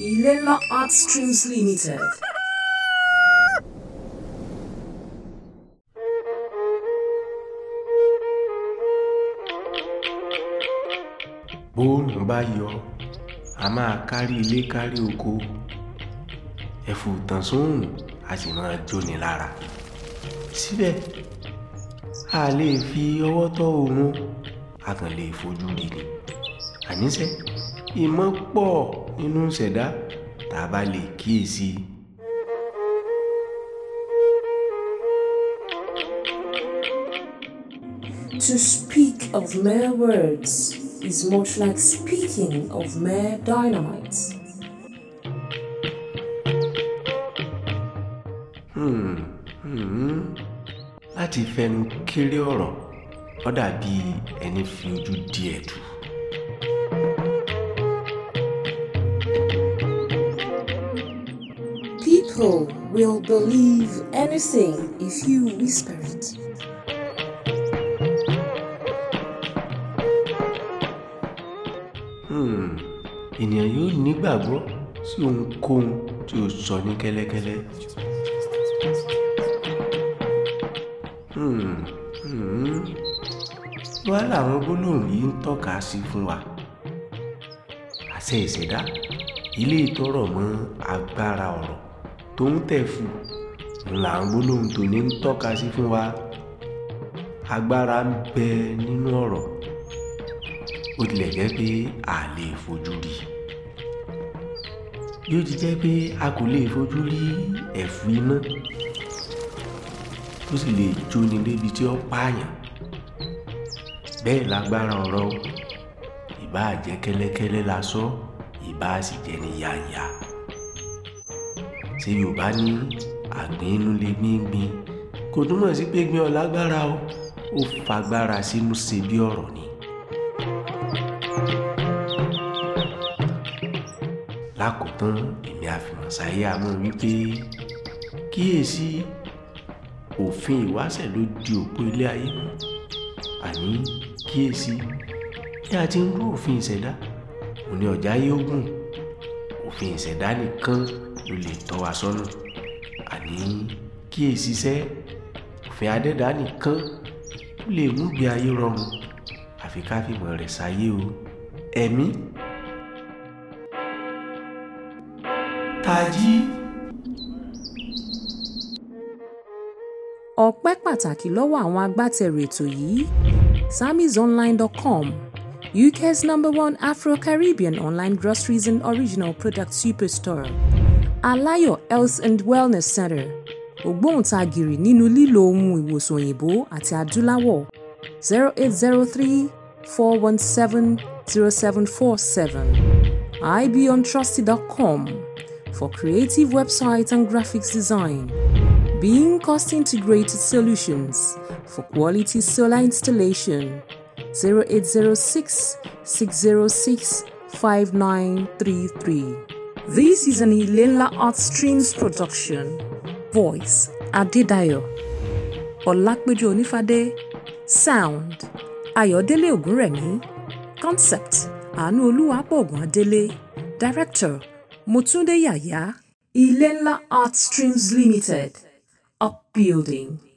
Ilela Art Streams Limited. Bóòrùn bá yọ, a máa kárí ilé kárí oko. Ẹ̀fù tàn sóòrùn a sì máa jóni lára. Síbẹ̀, a lè fi ọwọ́ tọ́ oòrùn, a kàn lè fojú rí ni. Àníṣẹ́ ìmọ̀ pọ̀ nínú ṣẹ̀dá tá a bá lè kíyèsí To speak of mere words is much like speaking of mere dynamite. Hmm. Hmm. Láti fẹnu kéré ọ̀rọ̀ ó dàbí ẹni fi ojú di ẹ̀dùn. will believe anything if you whisper it. Hmm, ènìyàn yóò nígbàgbọ́ sí ohunkóhun tí o sọ ní kẹ́lẹ́kẹ́lẹ́. Hmm, hmm. wọ́n làwọn gbólóhùn yìí ń tọ́ka sí fún wa àṣẹ ìṣẹ̀dá ilé ìtọ́rọ̀ mọ́ agbára ọ̀rọ̀ tó ń tẹ̀fù là ń gbólóhùn tòní ń tọ́ka sí fún wa agbára ń bẹ nínú ọ̀rọ̀ ó tilẹ̀ jẹ́ pé a lè fojú rí yóò ti jẹ́ pé a kò lè fojú rí ẹ̀fù iná tó sì lè jóni débi tí ó pààyàn bẹ́ẹ̀ lágbára ọ̀rọ̀ ìbáà jẹ́ kẹ́lẹ́kẹ́lẹ́ la sọ ìbáà sì jẹ́ ní yáyà ṣé yorùbá ní àgbín inú lè mí gbin kò túmọ̀ sí pé gbin ọ̀lágbára o ó fagbára sínú ṣe bí ọ̀rọ̀ ni. lákòótán èmi àfìmọ̀sáyé àmọ́ wípé kíyèsí òfin ìwáṣẹ̀ ló di òpó ilé ayé mú àní kíyèsí bí a ti ń rú òfin ìṣẹ̀dá òní ọ̀já yóò gùn òfin ìṣẹ̀dá nìkan ló lè tọ́ wa sọ́nà àní kí èsì iṣẹ́ òfin adẹ́dá nìkan ó lè mú gbé ayé rọrùn àfi ká fìmọ̀ rẹ̀ sáyé o ẹ̀mí. tají. ọpẹ́ pàtàkì lọ́wọ́ àwọn agbátẹrù ètò yìí samizonline.com UK's number one Afro-Caribbean online groceries and original product superstore. Aláyọ̀ Health and Wellness Center ògbóǹtagìrì nínú lílo ohun ìwòsàn òyìnbó àti adúláwọ̀ zero eight zero three four one seven zero seven four seven Ibuntrusted.com for creative website and graphics design. Being cost integrated solutions for quality solar installation 0806 606 5933. This is an Ilela Art Streams production. Voice Adedayo. Olapeju Onifade. Sound Ayodele Ogunremi. Concept Anu Oluwapogun Adele. Director Mutunde Yaya. Ilela Art Streams Limited. Upbuilding.